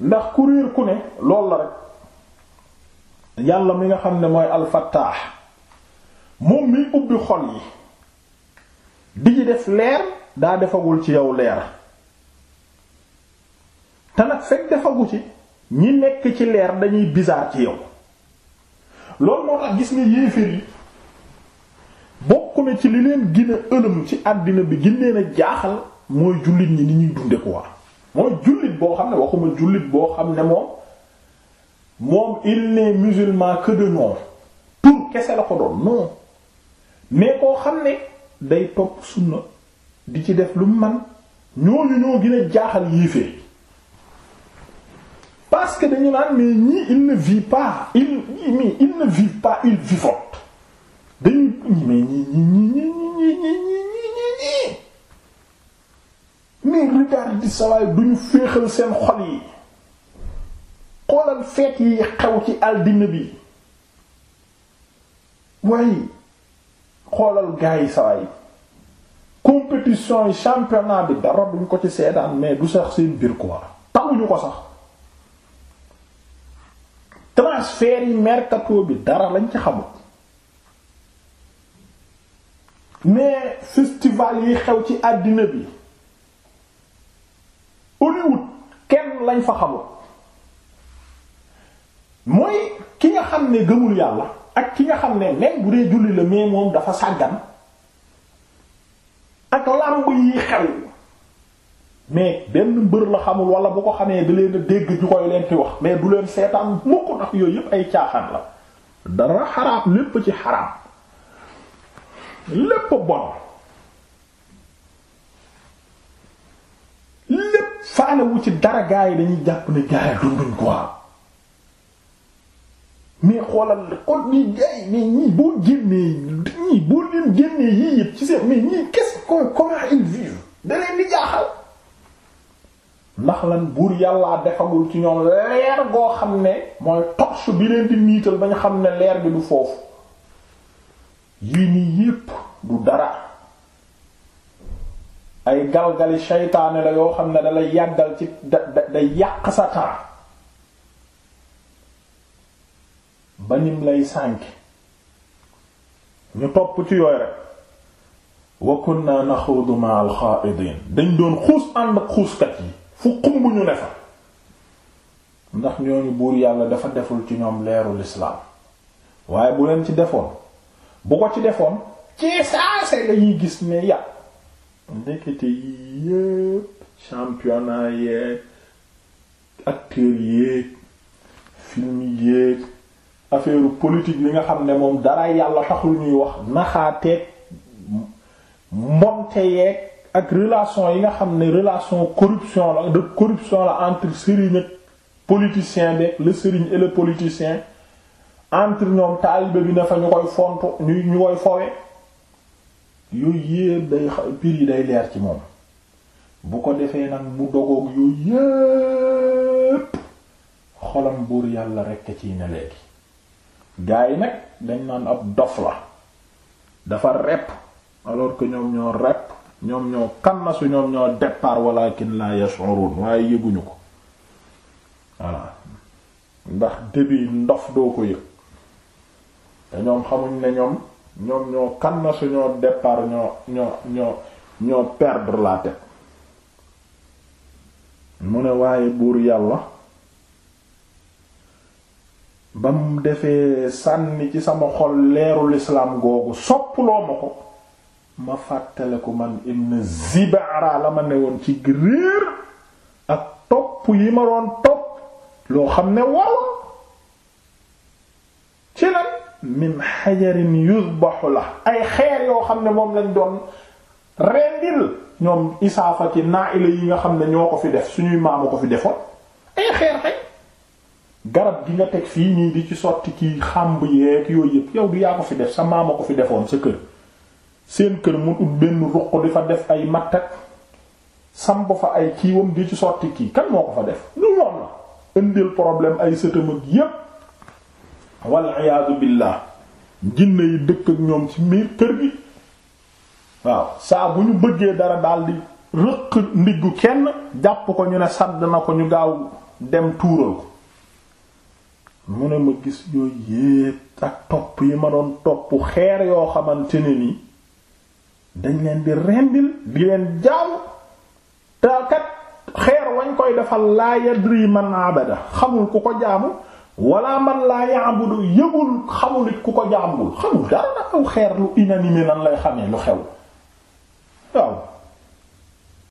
ndax ku réer ku ne lool la rek yàlla mi nga xam ne mooy alfattaax moom miy ubbi xol yi di ji def leer daa defagul ci yow leer te nag fekk defagu ci ñi nekk ci leer dañuy bizarre ci yow loolu moo tax gis nga yéeféer yi bokk na ci li leen gën a ci àddina bi gën leen a jaaxal mooy jullit ñi ni ñuy dunde ko war boo xam ne waxuma jullit boo xam ne moom moom il n'est musulman que de nom kese la ko doon non mais koo xam ne day topp sunna di ci def lu man ñooñu ñoo gën a jaaxal yéefee parce que dañu naan mais ñii il ne vit pas il il ne vit pas il vivote dañuy mais ñii ñii ñii ñii ñii. les regards sawaay duñu féexal seen xol yi xoolal feet yi xew ci aldina bi waaye xoolal gars yi sawaay compétition yi championnat bi dara duñ ko ci seetaan mais du sax seen biir quoi tamuñu ko sax transfert yi mercato bi dara lañ ci xamul mais festival yi xew ci àddina bi néewut kenn lañ fa xamul mooy ki nga xam ne gëmul yàlla ak ki nga xam ne même bu dee julli la mais moom dafa sàggan ak làmb yi xew mais benn mbër la xamul wala bu ko xamee da leen a dégg ñu koy leen ci wax mais du seetaan mukk ndax yooyu yépp ay caaxaan la dara xaraam lépp ci xaraam lépp bon faale wu ci dara gaa yi dañuy jàpp ne gaa yi dunduñ quoi mais xoolal kon ñi ñii boo génnee ñii boo leen génnee yii yëpp ci seen mais ñii qu'est-ce comment ils vivent di jaaxal ndax lan buur yàlla defagul ci ñoom leer goo xam ne mooy torche bi leen di niital ba ñu xam ne leer bi lu foofu yii nii yëpp ay galgali seytaane la yoo xam ne dalay yàggal ci da da yàq sa temps ba nim lay sànk ñu topp ci yooy rek wa kunna naxuudu ma dañ doon xuus ànd ak xuuskat yi fu xumb ñu ne fa ndax ñooñu buur yàlla dafa deful ci ñoom leeru lislaam waaye bu leen ci defoon bu ko ci defoon ci saase lañuy gis ne yàpp ndekete yi yépp championnat yeeg acteur yéeg film yéeg affaire politique li nga xam ne moom dara yàlla taxul ñuy wax naxaateeg mbonte yeeg ak relation yi nga xam ne relation corruption la de corruption la entre sëriñ ak politicien beeg le sëriñ et le politicien entre ñoom taalibe bi na fa ñu koy fontu ñu ñu koy fowe yooyu yépp day pir yi day leer ci moom bu ko defee nag mu dogoog yooyu yépp xolam buur yàlla rekk ci ciy ne léegi yi nag dañ naan ab dof la dafa repp alors que ñoom ñoo repp ñoom ñoo kannasu ñoom ñoo départ walakin la yash'urun waaye yëguñu ko voilà ndax début ndof doo ko yëg te ñoom xamuñ ne ñoom ñoom ñoo kan na suñoo départ ñoo ñoo ñoo perdre la tête mu ne waaye buur yàlla ba mu defee sànni ci sama xol leeru lislaam googu soppuloo ma ko ma fàttale ko man ibn Zibara la ma ne woon ci réer ak topp yi ma doon topp loo xam ne waaw min xajarin yuzbahu la ay xeer yoo xam ne moom lañ doon rendil ñoom isaafati naa'ila yi nga xam ne ñoo ko fi def suñuy maamu ko fi defoon ay xeer xay garab gi nga teg fii nii di ci sotti kii xàmb yeeg yooyu yëpp yow du yaa ko fi def sa maama ko fi defoon sa kër seen kër mu ut benn ruq di fa def ay mattak samp fa ay kiiwam di ci sotti kii kan moo ko fa def lu ñoom la indil problème ay sëtam ak yépp wal iyaadu billah jinne yi dëkk ñoom ci miir kër gi waaw saa bu ñu bëggee dara daldi rëq ndiggu kenn jàpp ko ñu ne sàdd na ko ñu gaaw dem tuural ko mu ne ma gis yooyu yépp ak topp yi ma doon topp xeer yoo xamante ne ni dañ leen di rendil di leen jaamu te kat xeer wañ koy defal laa yadri man abada xamul ku ko jaamu wala man laa yaabudu yëgul xamul it ku ko jaambul xamul dara aw xeer lu inanimé lan lay xamee lu xew waaw